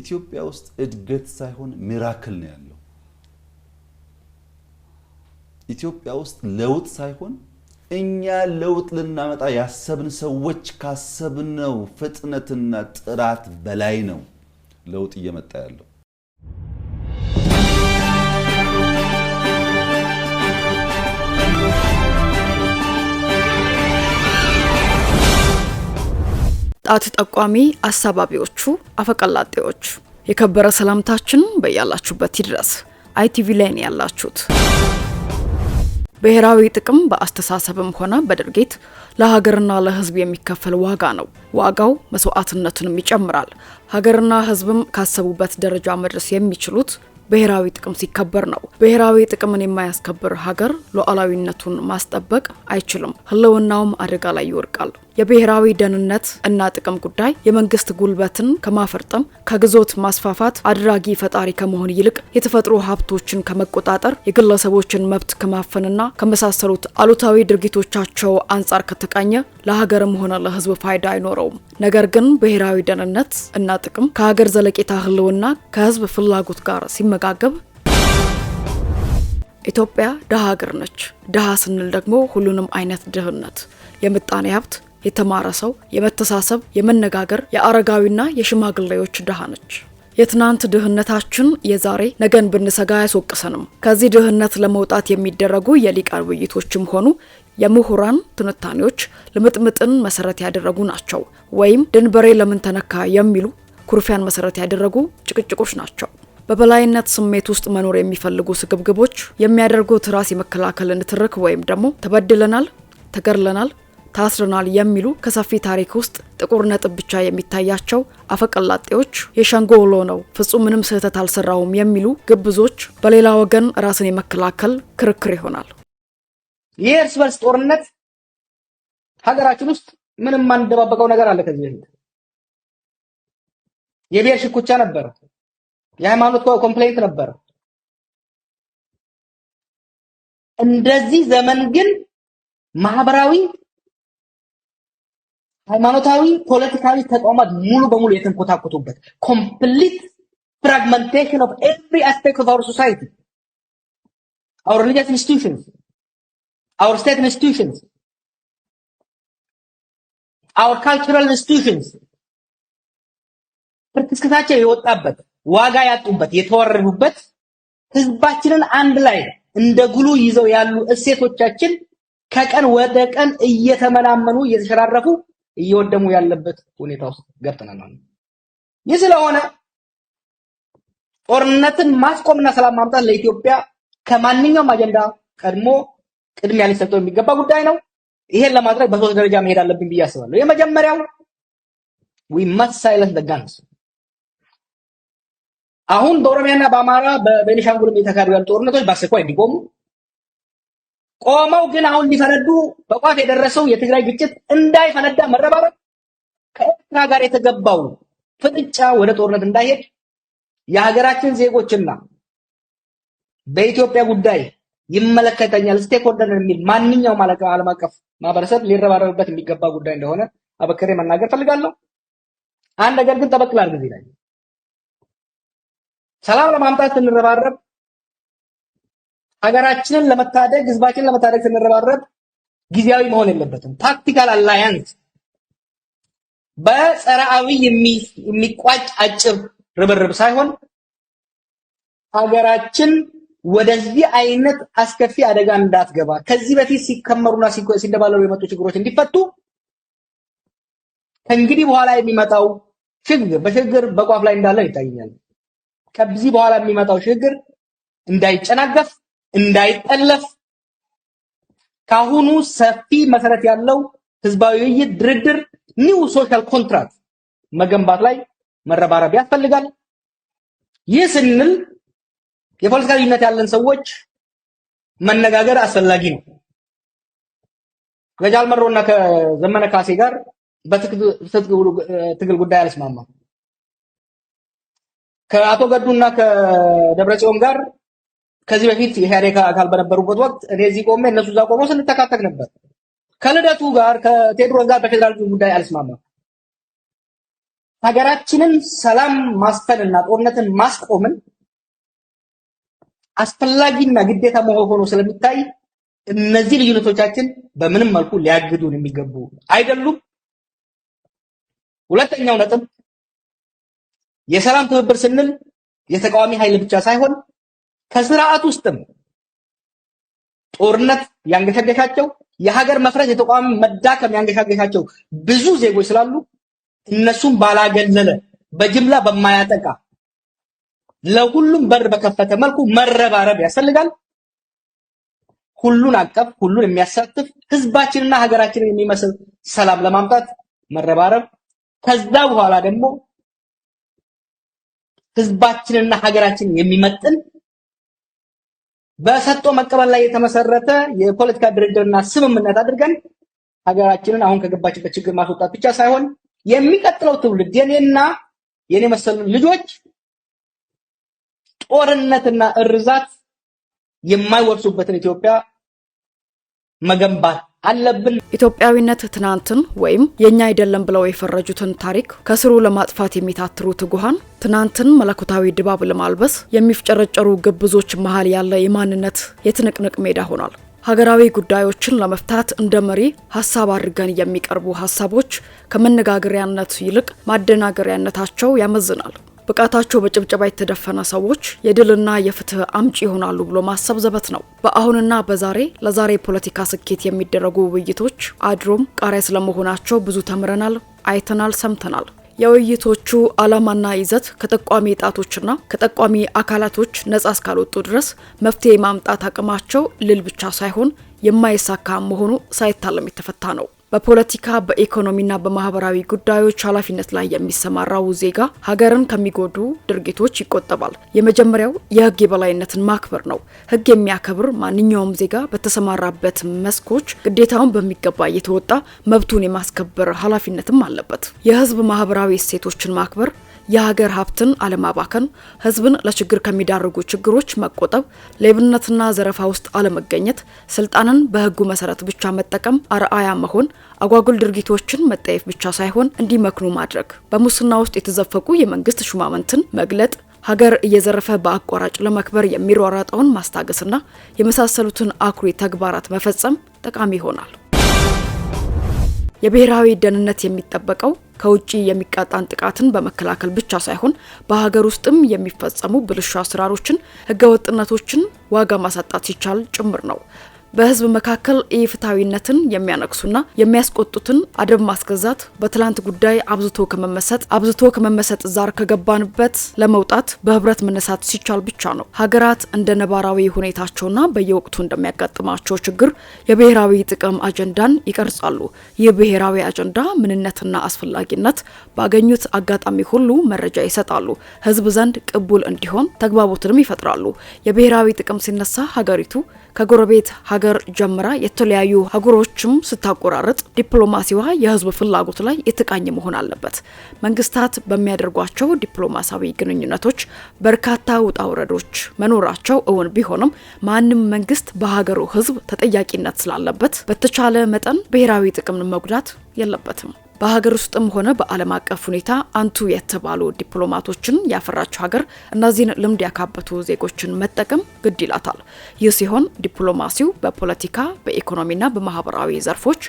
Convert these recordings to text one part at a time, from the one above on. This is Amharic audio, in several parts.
ኢትዮጵያ ውስጥ እድገት ሳይሆን ሚራክል ነው ያለው። ኢትዮጵያ ውስጥ ለውጥ ሳይሆን እኛ ለውጥ ልናመጣ ያሰብን ሰዎች ካሰብነው ፍጥነትና ጥራት በላይ ነው ለውጥ እየመጣ ያለው። ጣት ጠቋሚ አሳባቢዎቹ አፈቀላጤዎች የከበረ ሰላምታችን በያላችሁበት ይድረስ። አይቲቪ ላይን ያላችሁት። ብሔራዊ ጥቅም በአስተሳሰብም ሆነ በድርጊት ለሀገርና ለሕዝብ የሚከፈል ዋጋ ነው። ዋጋው መስዋዕትነትንም ይጨምራል። ሀገርና ሕዝብም ካሰቡበት ደረጃ መድረስ የሚችሉት ብሔራዊ ጥቅም ሲከበር ነው። ብሔራዊ ጥቅምን የማያስከብር ሀገር ሉዓላዊነቱን ማስጠበቅ አይችልም፣ ህልውናውም አደጋ ላይ ይወድቃል። የብሔራዊ ደህንነት እና ጥቅም ጉዳይ የመንግስት ጉልበትን ከማፈርጠም ከግዞት ማስፋፋት አድራጊ ፈጣሪ ከመሆን ይልቅ የተፈጥሮ ሀብቶችን ከመቆጣጠር የግለሰቦችን መብት ከማፈንና ከመሳሰሉት አሉታዊ ድርጊቶቻቸው አንጻር ከተቃኘ ለሀገርም ሆነ ለህዝብ ፋይዳ አይኖረውም። ነገር ግን ብሔራዊ ደህንነት እና ጥቅም ከሀገር ዘለቄታ ህልውና ከህዝብ ፍላጎት ጋር ሲመጋገብ ኢትዮጵያ ድሃ ሀገር ነች። ድሃ ስንል ደግሞ ሁሉንም አይነት ድህነት የምጣኔ ሀብት የተማረ ሰው፣ የመተሳሰብ የመነጋገር የአረጋዊና የሽማግሌዎች ድሃ ነች። የትናንት ድህነታችን የዛሬ ነገን ብንሰጋ አያስወቅሰንም። ከዚህ ድህነት ለመውጣት የሚደረጉ የሊቃን ውይይቶችም ሆኑ የምሁራን ትንታኔዎች ልምጥምጥን መሰረት ያደረጉ ናቸው፣ ወይም ድንበሬ ለምን ተነካ የሚሉ ኩርፊያን መሰረት ያደረጉ ጭቅጭቆች ናቸው። በበላይነት ስሜት ውስጥ መኖር የሚፈልጉ ስግብግቦች የሚያደርጉት ራስ የመከላከልን ትርክ ወይም ደግሞ ተበድለናል፣ ተገድለናል፣ ታስረናል የሚሉ ከሰፊ ታሪክ ውስጥ ጥቁር ነጥብ ብቻ የሚታያቸው አፈቀላጤዎች የሸንጎ ውሎ ነው፣ ፍጹም ምንም ስህተት አልሰራውም የሚሉ ግብዞች በሌላ ወገን ራስን የመከላከል ክርክር ይሆናል። ይህ እርስ በርስ ጦርነት ሀገራችን ውስጥ ምንም ማንደባበቀው ነገር አለ። ከዚህ በፊት የብሔር ሽኩቻ ነበር። የሃይማኖት ኮምፕሌንት ነበር። እንደዚህ ዘመን ግን ማህበራዊ ሃይማኖታዊ ፖለቲካዊ ተቋማት ሙሉ በሙሉ የተንኮታኮቱበት ኮምፕሊት ፍራግመንቴሽን ኦፍ ኤቭሪ አስፔክት ኦፍ አር ሶሳይቲ አወር ሪሊጂየስ ኢንስቲቱሽንስ አውር ስቴት ኢንስቲቱሽንስ አወር ካልቸራል ኢንስቲቱሽንስ ፍርክስክታቸው የወጣበት ዋጋ ያጡበት የተወረዱበት ህዝባችንን አንድ ላይ እንደ ጉሉ ይዘው ያሉ እሴቶቻችን ከቀን ወደ ቀን እየተመናመኑ እየተሸራረፉ እየወደሙ ያለበት ሁኔታ ውስጥ ገብተናል። ይህ ስለሆነ ጦርነትን ማስቆምና ሰላም ማምጣት ለኢትዮጵያ ከማንኛውም አጀንዳ ቀድሞ ቅድሚያ ሊሰጠው የሚገባ ጉዳይ ነው። ይሄን ለማድረግ በሶስት ደረጃ መሄድ አለብን ብዬ አስባለሁ። የመጀመሪያው ዊ መስት ሳይለንስ ጋንስ። አሁን በኦሮሚያና በአማራ በቤኒሻንጉልም የተካሄዱ ያሉ ጦርነቶች በአስቸኳይ እንዲቆሙ ቆመው ግን አሁን ሊፈነዱ በቋፍ የደረሰው የትግራይ ግጭት እንዳይፈነዳ መረባረብ ከኤርትራ ጋር የተገባው ፍጥጫ ወደ ጦርነት እንዳይሄድ የሀገራችን ዜጎችና በኢትዮጵያ ጉዳይ ይመለከተኛል ስቴክሆልደር የሚል ማንኛውም ዓለም አቀፍ ማህበረሰብ ሊረባረብበት የሚገባ ጉዳይ እንደሆነ አበክሬ መናገር ፈልጋለሁ። አንድ ነገር ግን ጠበቅ ላድርግ ላይ ሰላም ለማምጣት ስንረባረብ ሀገራችንን ለመታደግ ህዝባችንን ለመታደግ ስንረባረብ ጊዜያዊ መሆን የለበትም። ታክቲካል አላያንስ በጸረ የሚቋጭ አጭር ርብርብ ሳይሆን ሀገራችን ወደዚህ አይነት አስከፊ አደጋ እንዳትገባ ከዚህ በፊት ሲከመሩና ሲደባለሉ የመጡ ችግሮች እንዲፈቱ ከእንግዲህ በኋላ የሚመጣው ችግር በሽግግር በቋፍ ላይ እንዳለን ይታየኛል። ከዚህ በኋላ የሚመጣው ችግር እንዳይጨናገፍ እንዳይጠለፍ ካሁኑ ሰፊ መሰረት ያለው ህዝባዊ ውይይት፣ ድርድር፣ ኒው ሶሻል ኮንትራክት መገንባት ላይ መረባረብ ያስፈልጋል። ይህ ስንል የፖለቲካ ልዩነት ያለን ሰዎች መነጋገር አስፈላጊ ነው። ከጃል መሮ እና ከዘመነ ካሴ ጋር በትግል ጉዳይ አልስማማም። ከአቶ ገዱ እና ከደብረጽዮን ጋር ከዚህ በፊት የኢህአዴግ አካል በነበሩበት ወቅት እኔ እዚህ ቆሜ እነሱ እዛ ቆመው ስንተካተክ ነበር። ከልደቱ ጋር ከቴዎድሮስ ጋር በፌዴራል ጉዳይ አልስማማም። ሀገራችንን ሰላም ማስፈንና ጦርነትን ማስቆምን አስፈላጊና ግዴታ መሆን ሆኖ ስለሚታይ እነዚህ ልዩነቶቻችን በምንም መልኩ ሊያግዱን የሚገቡ አይደሉም። ሁለተኛው ነጥብ የሰላም ትብብር ስንል የተቃዋሚ ኃይል ብቻ ሳይሆን ከስርዓት ውስጥም ጦርነት ያንገሻገሻቸው የሀገር መፍረስ የተቋም መዳከም ያንገሻገሻቸው ብዙ ዜጎች ስላሉ እነሱም ባላገለለ በጅምላ በማያጠቃ ለሁሉም በር በከፈተ መልኩ መረባረብ ያስፈልጋል። ሁሉን አቀፍ ሁሉን የሚያሳትፍ ህዝባችንና ሀገራችንን የሚመስል ሰላም ለማምጣት መረባረብ፣ ከዛ በኋላ ደግሞ ህዝባችንና ሀገራችንን የሚመጥን በሰጥቶ መቀበል ላይ የተመሰረተ የፖለቲካ ድርድርና ስምምነት አድርገን ሀገራችንን አሁን ከገባችበት ችግር ማስወጣት ብቻ ሳይሆን የሚቀጥለው ትውልድ የኔና የኔ መሰሉ ልጆች ጦርነትና እርዛት የማይወርሱበትን ኢትዮጵያ መገንባት አለብን። ኢትዮጵያዊነት ትናንትን ወይም የእኛ አይደለም ብለው የፈረጁትን ታሪክ ከስሩ ለማጥፋት የሚታትሩ ትጉሃን ትናንትን መለኮታዊ ድባብ ለማልበስ የሚፍጨረጨሩ ግብዞች መሀል ያለ የማንነት የትንቅንቅ ሜዳ ሆኗል። ሀገራዊ ጉዳዮችን ለመፍታት እንደ መሪ ሀሳብ አድርገን የሚቀርቡ ሀሳቦች ከመነጋገሪያነት ይልቅ ማደናገሪያነታቸው ያመዝናል። ብቃታቸው በጭብጨባ የተደፈነ ሰዎች የድልና የፍትህ አምጪ ይሆናሉ ብሎ ማሰብ ዘበት ነው። በአሁንና በዛሬ ለዛሬ የፖለቲካ ስኬት የሚደረጉ ውይይቶች አድሮም ቃሪያ ስለመሆናቸው ብዙ ተምረናል፣ አይተናል፣ ሰምተናል። የውይይቶቹ ዓላማና ይዘት ከጠቋሚ ጣቶችና ከጠቋሚ አካላቶች ነጻ እስካልወጡ ድረስ መፍትሄ የማምጣት አቅማቸው ልል ብቻ ሳይሆን የማይሳካ መሆኑ ሳይታለም የተፈታ ነው። በፖለቲካ በኢኮኖሚና በማህበራዊ ጉዳዮች ኃላፊነት ላይ የሚሰማራው ዜጋ ሀገርን ከሚጎዱ ድርጊቶች ይቆጠባል። የመጀመሪያው የህግ የበላይነትን ማክበር ነው። ህግ የሚያከብር ማንኛውም ዜጋ በተሰማራበት መስኮች ግዴታውን በሚገባ እየተወጣ መብቱን የማስከበር ኃላፊነትም አለበት። የህዝብ ማህበራዊ እሴቶችን ማክበር የሀገር ሀብትን አለማባከን፣ ህዝብን ለችግር ከሚዳርጉ ችግሮች መቆጠብ፣ ሌብነትና ዘረፋ ውስጥ አለመገኘት፣ ስልጣንን በህጉ መሰረት ብቻ መጠቀም፣ አርአያ መሆን፣ አጓጉል ድርጊቶችን መጠየፍ ብቻ ሳይሆን እንዲመክኑ ማድረግ፣ በሙስና ውስጥ የተዘፈቁ የመንግስት ሹማምንትን መግለጥ ሀገር እየዘረፈ በአቋራጭ ለመክበር የሚሯሯጠውን ማስታገስና የመሳሰሉትን አኩሪ ተግባራት መፈጸም ጠቃሚ ይሆናል። የብሔራዊ ደህንነት የሚጠበቀው ከውጭ የሚቃጣን ጥቃትን በመከላከል ብቻ ሳይሆን በሀገር ውስጥም የሚፈጸሙ ብልሹ አሰራሮችን፣ ህገወጥነቶችን ዋጋ ማሳጣት ሲቻል ጭምር ነው። በህዝብ መካከል ኢፍትሐዊነትን የሚያነቅሱና የሚያስቆጡትን አደብ ማስገዛት በትላንት ጉዳይ አብዝቶ ከመመሰጥ አብዝቶ ከመመሰጥ ዛር ከገባንበት ለመውጣት በህብረት መነሳት ሲቻል ብቻ ነው። ሀገራት እንደ ነባራዊ ሁኔታቸውና በየወቅቱ እንደሚያጋጥማቸው ችግር የብሔራዊ ጥቅም አጀንዳን ይቀርጻሉ። ይህ ብሔራዊ አጀንዳ ምንነትና አስፈላጊነት ባገኙት አጋጣሚ ሁሉ መረጃ ይሰጣሉ። ህዝብ ዘንድ ቅቡል እንዲሆን ተግባቦትንም ይፈጥራሉ። የብሔራዊ ጥቅም ሲነሳ ሀገሪቱ ከጎረቤት ሀገር ጀምራ የተለያዩ ሀገሮችም ስታቆራረጥ ዲፕሎማሲዋ የህዝብ ፍላጎት ላይ የተቃኘ መሆን አለበት። መንግስታት በሚያደርጓቸው ዲፕሎማሲያዊ ግንኙነቶች በርካታ ውጣ ውረዶች መኖራቸው እውን ቢሆንም ማንም መንግስት በሀገሩ ህዝብ ተጠያቂነት ስላለበት በተቻለ መጠን ብሔራዊ ጥቅምን መጉዳት የለበትም። በሀገር ውስጥም ሆነ በዓለም አቀፍ ሁኔታ አንቱ የተባሉ ዲፕሎማቶችን ያፈራችው ሀገር እነዚህን ልምድ ያካበቱ ዜጎችን መጠቀም ግድ ይላታል። ይህ ሲሆን ዲፕሎማሲው በፖለቲካ በኢኮኖሚና በማህበራዊ ዘርፎች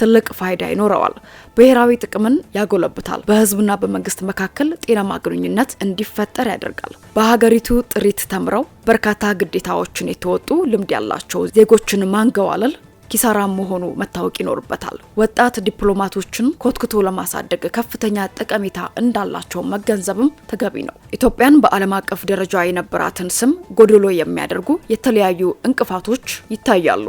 ትልቅ ፋይዳ ይኖረዋል። ብሔራዊ ጥቅምን ያጎለብታል። በህዝብና በመንግስት መካከል ጤናማ ግንኙነት እንዲፈጠር ያደርጋል። በሀገሪቱ ጥሪት ተምረው በርካታ ግዴታዎችን የተወጡ ልምድ ያላቸው ዜጎችን ማንገዋለል ኪሳራም መሆኑ መታወቅ ይኖርበታል። ወጣት ዲፕሎማቶችን ኮትክቶ ለማሳደግ ከፍተኛ ጠቀሜታ እንዳላቸው መገንዘብም ተገቢ ነው። ኢትዮጵያን በዓለም አቀፍ ደረጃ የነበራትን ስም ጎድሎ የሚያደርጉ የተለያዩ እንቅፋቶች ይታያሉ።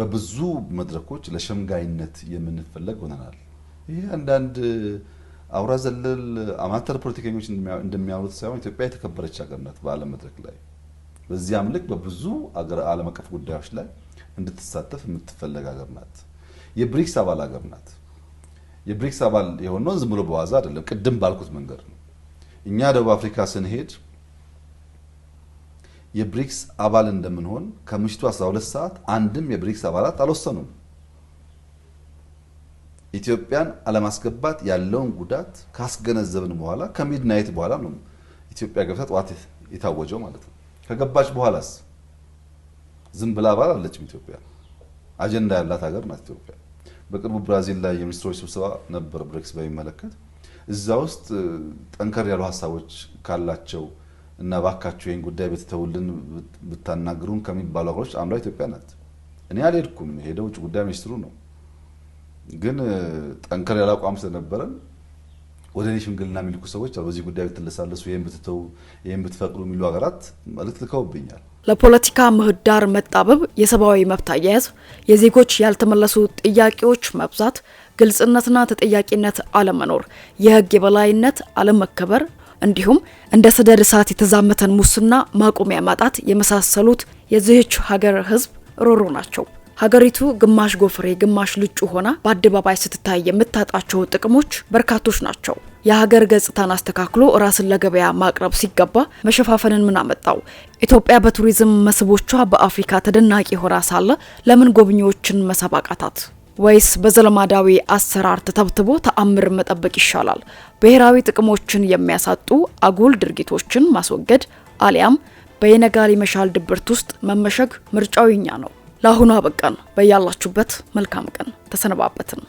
በብዙ መድረኮች ለሸምጋይነት የምንፈለግ ሆነናል። ይህ አንዳንድ አውራ ዘለል አማተር ፖለቲከኞች እንደሚያወሩት ሳይሆን ኢትዮጵያ የተከበረች ሀገር ናት በዓለም መድረክ ላይ በዚያም ልክ በብዙ ዓለም አቀፍ ጉዳዮች ላይ እንድትሳተፍ የምትፈለግ ሀገር ናት። የብሪክስ አባል ሀገር ናት። የብሪክስ አባል የሆነው ዝም ብሎ በዋዛ አይደለም። ቅድም ባልኩት መንገድ ነው። እኛ ደቡብ አፍሪካ ስንሄድ የብሪክስ አባል እንደምንሆን ከምሽቱ 12 ሰዓት አንድም የብሪክስ አባላት አልወሰኑም። ኢትዮጵያን አለማስገባት ያለውን ጉዳት ካስገነዘብን በኋላ ከሚድናይት በኋላ ነው ኢትዮጵያ ገብታ ጠዋት የታወጀው ማለት ነው። ከገባች በኋላስ ዝም ብላ ባል አለችም። ኢትዮጵያ አጀንዳ ያላት ሀገር ናት። ኢትዮጵያ በቅርቡ ብራዚል ላይ የሚኒስትሮች ስብሰባ ነበር፣ ብሬክስ በሚመለከት እዛ ውስጥ ጠንከር ያሉ ሀሳቦች ካላቸው እና ባካችሁ ይህን ጉዳይ ብትተውልን ብታናግሩን ከሚባሉ ሀገሮች አንዷ ኢትዮጵያ ናት። እኔ አልሄድኩም፣ የሄደው ውጭ ጉዳይ ሚኒስትሩ ነው። ግን ጠንከር ያለ አቋም ስለነበረን ወደ እኔ ሽምግልና የሚልኩ ሰዎች በዚህ ጉዳይ ብትለሳለሱ፣ ይህን ብትተው፣ ይህን ብትፈቅዱ የሚሉ ሀገራት መልእክት ልከውብኛል። ለፖለቲካ ምህዳር መጣበብ፣ የሰብአዊ መብት አያያዝ፣ የዜጎች ያልተመለሱ ጥያቄዎች መብዛት፣ ግልጽነትና ተጠያቂነት አለመኖር፣ የህግ የበላይነት አለመከበር እንዲሁም እንደ ሰደድ እሳት የተዛመተን ሙስና ማቆሚያ ማጣት የመሳሰሉት የዚህች ሀገር ህዝብ ሮሮ ናቸው። ሀገሪቱ ግማሽ ጎፍሬ ግማሽ ልጩ ሆና በአደባባይ ስትታይ የምታጣቸው ጥቅሞች በርካቶች ናቸው። የሀገር ገጽታን አስተካክሎ ራስን ለገበያ ማቅረብ ሲገባ መሸፋፈንን ምን አመጣው? ኢትዮጵያ በቱሪዝም መስህቦቿ በአፍሪካ ተደናቂ ሆና ሳለ ለምን ጎብኚዎችን መሳብ አቃታት? ወይስ በዘለማዳዊ አሰራር ተተብትቦ ተአምር መጠበቅ ይሻላል? ብሔራዊ ጥቅሞችን የሚያሳጡ አጉል ድርጊቶችን ማስወገድ አሊያም በየነጋሪ መሻል ድብርት ውስጥ መመሸግ ምርጫው የኛ ነው። ለአሁኑ አበቃን። በያላችሁበት መልካም ቀን ተሰነባበትን።